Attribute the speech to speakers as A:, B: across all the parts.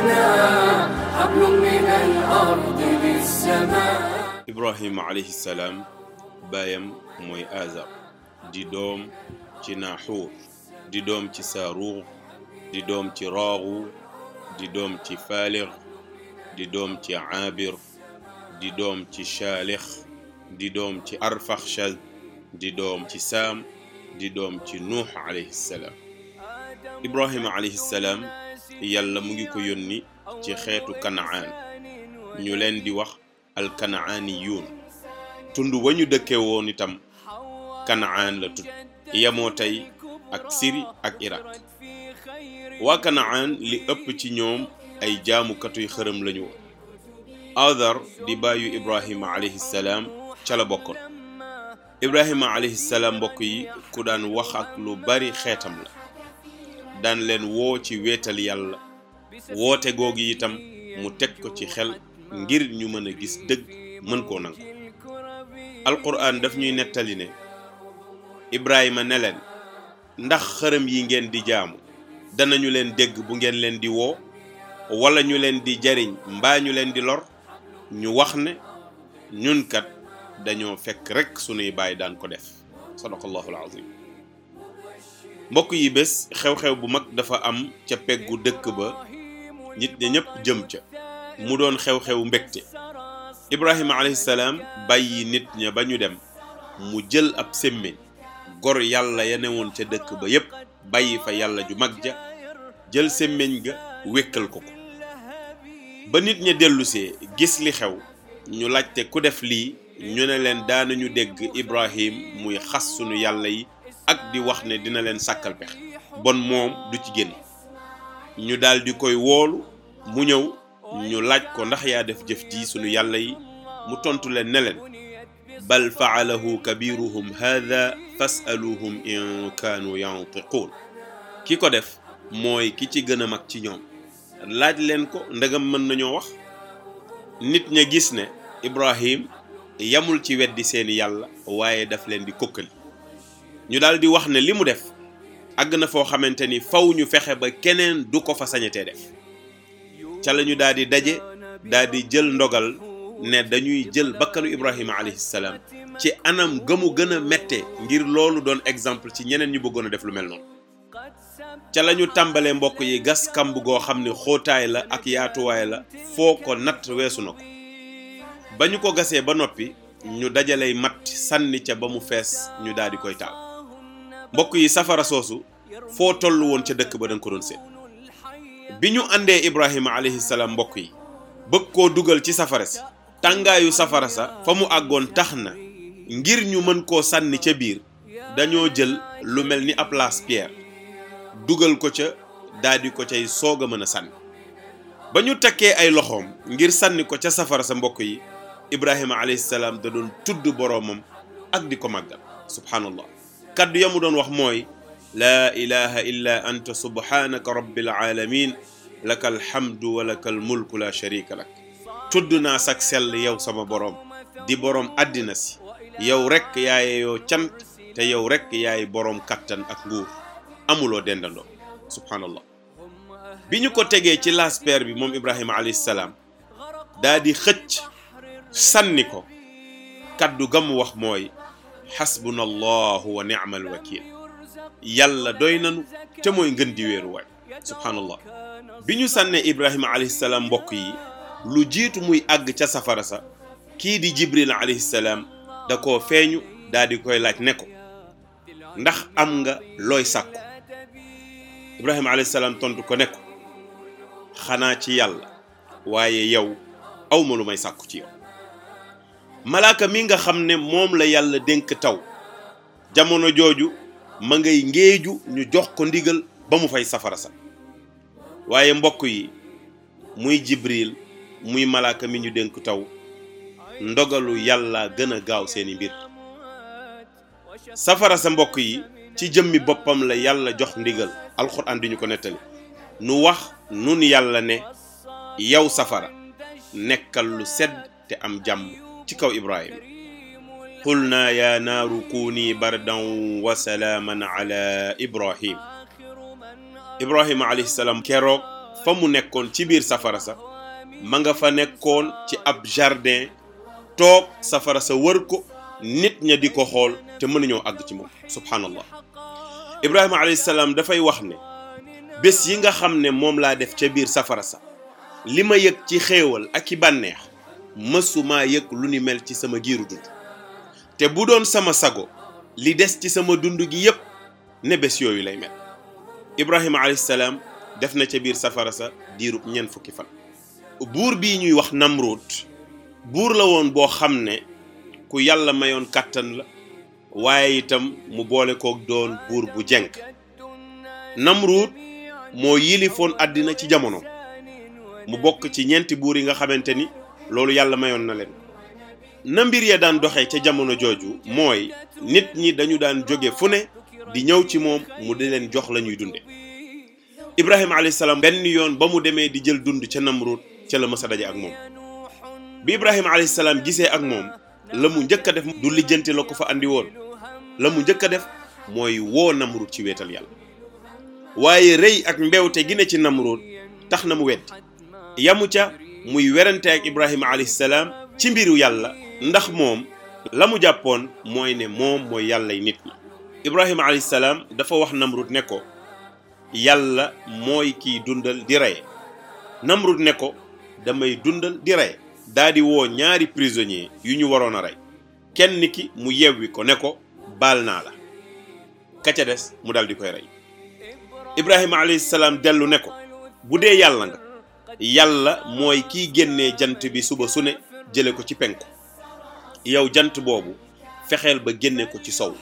A: لنا
B: حبل من
A: الأرض للسماء إبراهيم عليه السلام baayam mooy Azar di doom ci Naaxuur di doom ci Saaruur di doom ci Raagu di doom ci Faalix di doom ci Aabir di doom ci Shaalix di doom ci Arfaxshad di doom ci Saam di doom ci Nuux alayhi salaam Ibrahima alayhi salaam yàlla mu ngi ko yónni ci xeetu kanaan ñu leen di wax alkanaaniyuun tund wa ñu dëkkee woon itam kanaan la tudd yemoo tey ak siri ak irak waa kanaan li ëpp ci ñoom ay jaamukatuy xërëm lañu woon di bàyyu ibrahima alayhi salaam ca la bokkoon ibrahima alayhi salaam mbokk yi ku daan wax ak lu bari xeetam la daan leen woo ci weetal yàlla woote googu itam mu teg ko ci xel ngir ñu mën a gis dëgg mën koo nangu alquran daf ñuy nettali ne ibrahima ne leen ndax xërëm yi ngeen di jaamu danañu leen dégg bu ngeen leen di woo walla ñu leen di jariñ mbaa ñu leen di lor ñu wax ne ñunkat kat dañoo fekk rekk sunuy baay daan ko def mbokk yi bés xew-xew bu mag dafa am ca peggu dëkk ba nit ña ñëpp jëm ca mu doon xew-xew mbégte ibrahima alayhi salaam bàyyi nit ña ba ñu dem mu jël ab semmiñ gor yàlla ya newoon ca dëkk ba yépp bàyyi fa yàlla ju mag ja jël semmiñ ga wékkal ko ko ba nit ña dellusee gis li xew ñu laajte ku def lii ñu ne leen daanañu dégg ibrahim muy xas sunu yàlla yi ak di wax ne dina leen sàkkal pex bon moom du ci génn ñu daldi koy woolu mu ñëw ñu laaj ko ndax yaa def jëf ji sunu yàlla yi mu tontu leen ne leen bal faalahu kabiruhum hadha fasaluhum in kaanu yantiquun ki ko def mooy ki ci gën a mag ci ñoom laaj leen ko ndegam mën nañoo wax nit ña gis ne Ibrahim yamul ci weddi seeni yàlla waaye daf leen di kokkali ñu daal di wax ne li mu def àgg na foo xamante ni faw ñu fexe ba keneen du ko fa sañatee def ca la ñu daal di daje daal di jël ndogal ne dañuy jël bakkanu Ibrahima alayhi ci anam gëmu gën a mette ngir loolu doon exemple ci ñeneen ñu bëggoon def lu mel noonu ca la ñu tàmbalee mbokk yi gas kàmb goo xam ne xootaay la ak yaatuwaay la foo ko natt weesu na ko ba ñu ko gasee ba noppi ñu dajale matt sànni ca ba mu fees ñu daal di koy taal mbokk yi safara soosu foo toll woon ca dëkk ba danga ko doon seet bi ñu àndee Ibrahima alayhi salaam mbokk yi bëgg koo dugal ci safara si tàngaayu safara sa fa mu àggoon tax na ngir ñu mën koo sànni ca biir dañoo jël lu mel ni ab lance dugal ko ca daldi ko cay soog a mën a sànni ba ñu tekkee ay loxoom ngir sànni ko ca safara sa mbokk yi Ibrahima alayhi salaam da doon tudd boroomam ak di ko màggal subhaanallah kaddu yamu doon wax mooy laa ilaha illa anta subhanaka rabbil alamin laka alhamdu wa laka almulku la sharika lak tudd naa sak sell yow sama boroom di boroom àddina si yow rek yaayeyoo cant te yow rek yaay boroom kattan ak nguur amuloo dendandoo subhanallah bi ñu ko tegee ci lasper bi moom ibrahima alayhi salaam daa di xëcc sànni ko kaddu gamu wax mooy xasbuna allahu wa ni'mal wakil yàlla doy nanu te mooy ngën di subhaanallah bi ñu sànnee ibrahima alayhi salaam mbokk yi lu jiitu muy àgg ca safara sa kii di jibril alayhi salaam da koo feeñu daal koy laaj ne ko ndax am nga looy sàkku ibrahima alayhi salaam tontu ko ne ko xanaa ci yàlla waaye yow awma lu may sàkku ci yow malaaka mi nga xam ne moom la yàlla dénk taw jamono jooju ma ngay ngéeju ñu jox ko ndigal ba mu fay safara sa waaye mbokk yi muy jibriil muy malaaka mi ñu dénk taw ndogalu yàlla gën a gaaw seeni mbir safara sa mbokk yi ci jëmmi boppam la yàlla jox ndigal alxuraan di ko nettali nu wax nun yàlla ne yow safara nekkal lu sedd te am jàmm ci kaw ibrahima qulnaa yaa naaru kuuni bardan wa salaaman ala ibrahim ibrahima alayhi salaam keroog fa mu nekkoon ci biir safara sa ma nga fa nekkoon ci ab jardin toog safara sa wër ko nit ña di ko xool te mënuñoo àgg ci moom subhaanallah ibrahima alayhi salaam dafay wax ne bés yi nga xam ne moom laa def ca biir safara sa lima ma yëg ci xéewal ak i bànneex mësumaa yëg lu ni mel ci sama giiru dund te bu doon sama sago li des ci sama dund gi yépp ne bés yooyu lay mel ibrahima alayhi def na ca biir safara sa diirub ñeent fukki fan buur bi ñuy wax namruut buur la woon boo xam ne ku yàlla mayoon kàttan la waaye itam mu boole kook doon buur bu jenk namruut moo yilifoon àddina ci jamono mu bokk ci ñeenti buur yi nga xamante ni loolu yàlla mayoon na leen na mbir ya daan doxee ca jamono jooju mooy nit ñi dañu daan jóge fu ne di ñëw ci moom mu di leen jox lañuy dunde Ibrahima alayhi salaam benn yoon ba mu demee di jël dund ca Namrud ca la mësa daje ak moom bi Ibrahima alayhi salaam gisee ak moom la mu njëkk a def du lijjanti la ko fa andi woon la mu njëkk a def mooy woo Namrud ci weetal yàlla waaye rëy ak mbewte gi ne ci Namrud tax na mu weddi yamu ca muy werante ak Ibrahima alayhi salaam ci mbiru yàlla ndax moom la mu jàppoon mooy ne moom mooy yàllay nit ñi Ibrahima alayhi salaam dafa wax Namrud ne ko yàlla mooy kiy dundal di rey Namrud ne ko damay dundal di rey daa woo ñaari prisonnier yu ñu waroon a rey kenn ki mu yewwi ko ne ko baal naa la ka ca des mu dal di koy rey Ibrahima alayhi salaam dellu ne ko bu dee yàlla nga yàlla mooy kiy génnee jant bi suba su ne jële ko ci penku yow jant boobu fexeel ba génne ko ci sow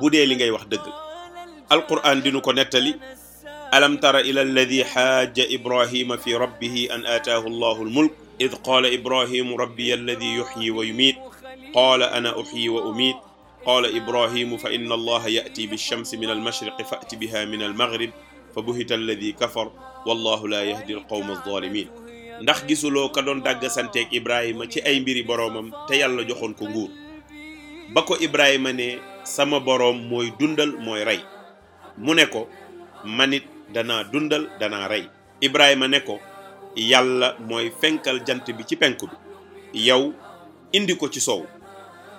A: bu dee li ngay wax dëgg alquran dinu ko nettali alam tara ila alladi xaaja ibrahima fi rabbihi an aataahu allahu almulk id qaala ibrahimu rabbiya alladi yuxyi wa yumiit qaala ana uxyi wa umiit qaala ibrahimu fa inna allaha yaati bilchamsi min almashriqi faati biha min almagrib fa buhita alladi kafar wallahu laa yahdi al qawma alzalimin ndax gisuloo ka doon dàgg santeeg ibrahima ci ay mbiri boroomam te yàlla joxoon ko nguur ba ko ibrahima ne sama boroom mooy dundal mooy rey mu ne ko manit danaa dundal danaa rey ibrahima ne ko yàlla mooy fenkal jant bi ci penk bi yow indi ko ci sow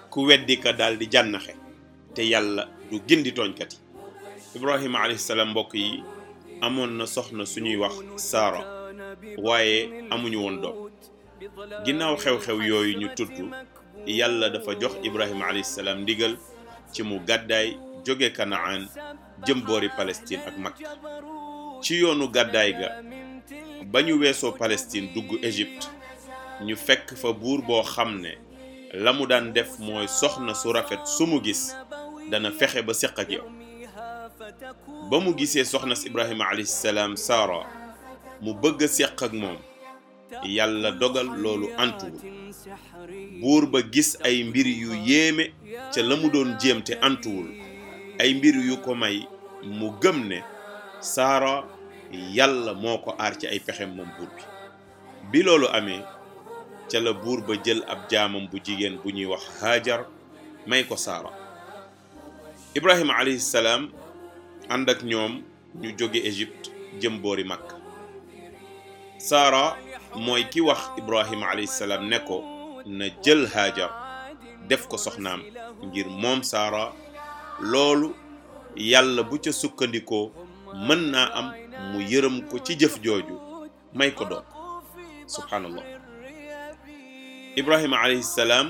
A: ku weddi ka daal jànnaxe te yàlla du gindi tooñkat yi ibrahima mbokk yi amoon na soxna suñuy wax saara waaye amuñu woon doom ginnaaw xew-xew yooyu ñu tudd yàlla dafa jox ibrahima alayhi ndigal ci mu gàddaay jóge kanaan jëm boori palestine ak makka ci yoonu gàddaay ga ba ñu weesoo palestine dugg égypte ñu fekk fa buur boo xam ne la mu daan def mooy soxna su rafet su mu gis dana fexe ba séq ak yow ba mu gisee soxna si Ibrahima alayhi Saara mu bëgg a seq ak moom yàlla dogal loolu antuwul buur ba gis ay mbir yu yéeme ca la mu doon jéem te antuwul ay mbir yu ko may mu gëm ne Saara yàlla moo ko aar ci ay pexem moom buur bi bi loolu amee ca la buur ba jël ab jaamam bu jigéen bu ñuy wax Haajar may ko Saara Ibrahima alayhi ànd ñoom ñu jóge Égypte jëmboori boori Makk Saara mooy ki wax Ibrahima alayhi salaam ne ko na jël Haajar def ko soxnaam ngir moom Saara loolu yàlla bu ca sukkandikoo mën naa am mu yërëm ko ci jëf jooju may ko doon subhaanallah Ibrahima alayhi salaam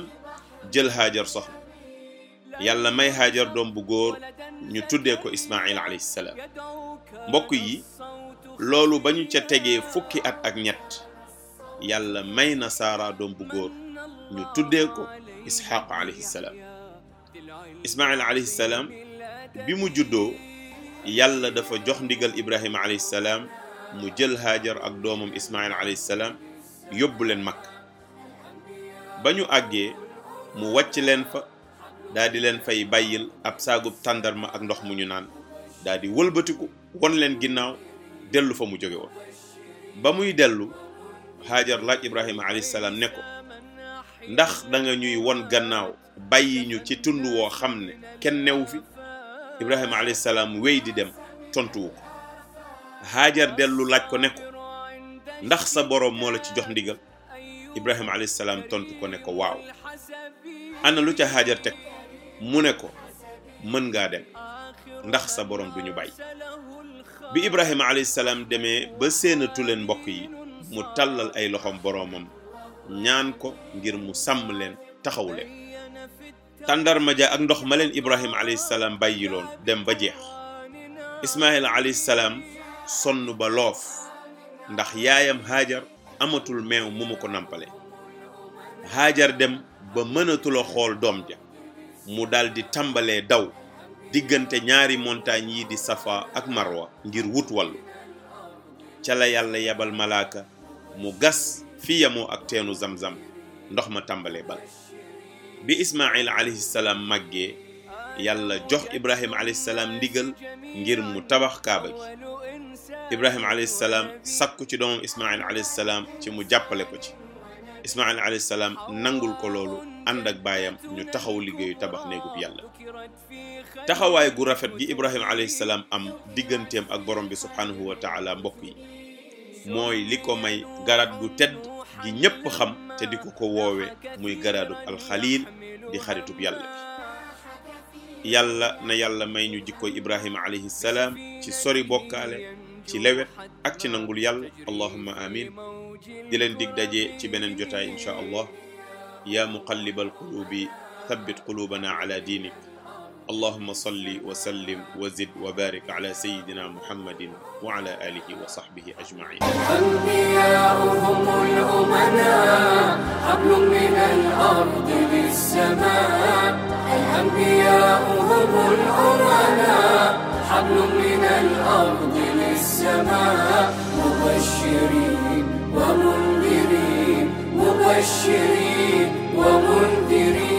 A: jël Haajar soxna yàlla may Hajar doom bu góor ñu tuddee ko Ismaïl alayhi salaam mbokk yi loolu ba ñu ca tegee fukki at ak ñett yàlla may na Saara doom bu góor ñu tuddee ko Isxaaq alayhi salaam Ismaïl alayhi bi mu juddoo yàlla dafa jox ndigal Ibrahima alayhi salaam mu jël Hajar ak doomam Ismaïl alayhi salaam yóbbu leen Makka ba ñu àggee mu wàcc leen fa. daa di leen fay bàyyil ab saagub tàndarma ak ndox mu ñu naan daa di wëlbatiku won leen ginnaaw dellu fa mu jóge woon ba muy dellu Hajar laaj Ibrahima alayhi salaam ne ko ndax danga ñuy won gannaaw bàyyi ci tund woo xam ne kenn newu fi Ibrahima alayhi salaam wéy di dem tontuwu ko Hajar dellu laaj ko ne ko ndax sa boroom moo la ci jox ndigal Ibrahima alayhi salaam tontu ko ne ko waaw ana lu ca Hajar teg. mu ne ko mën ngaa dem ndax sa borom duñu bay bi ibrahima alayhi salaam demee ba séenatu leen mbokk yi mu tàllal ay loxoom boroomam ñaan ko ngir mu sàmm leen taxaw leen tàndarma ja ak ndox ma leen ibrahima alayhi salaam bàyyiloon dem ba jeex ismail alayhi salaam sonn ba loof ndax yaayam haajar amatul meew mu ko nampale haajar dem ba mënatuloo xool doom ja mu daal di tàmbalee daw diggante ñaari montagne yi di safa ak marwa ngir wut wàllu ca la yàlla yebal malaaka mu gas fi yamoo ak teenu zamzam ndox ma tàmbalee bal bi ismail alayhi salaam màggee yàlla jox ibrahim alayhi salaam ndigal ngir mu tabax kaaba gi ibrahim alayhi salaam sakku ci doomam ismail alayhi salaam ci mu jàppale ko ci Ismaayil alayhi salaam nangul ko loolu ànd ak baayam ñu taxaw liggéeyu tabax néegub yàlla taxawaay gu rafet gi Ibrahim alayhi salaam am digganteem ak borom bi subhaanahu wa taala mbokk yi mooy li ko may garaat gu tedd gi ñépp xam te di ko ko woowe muy garaatub alxaliil di xaritub yàlla bi yàlla na yàlla may ñu jikkooy Ibrahim alayhi salaam ci sori bokkaale ci lewet ak ci nangul yàlla allahumma amin di leen dig daje ci beneen jotaay insha allah yaa muqallibal quluubi thabbit quluubana ala diinik allahuma salli wa sallim wa zid wa barik ala sayidina muhammadin wa ala alihi wa sahbihi ajmain حبل من الأرض للسماء مبشرين ومنذرين مبشرين ومنذرين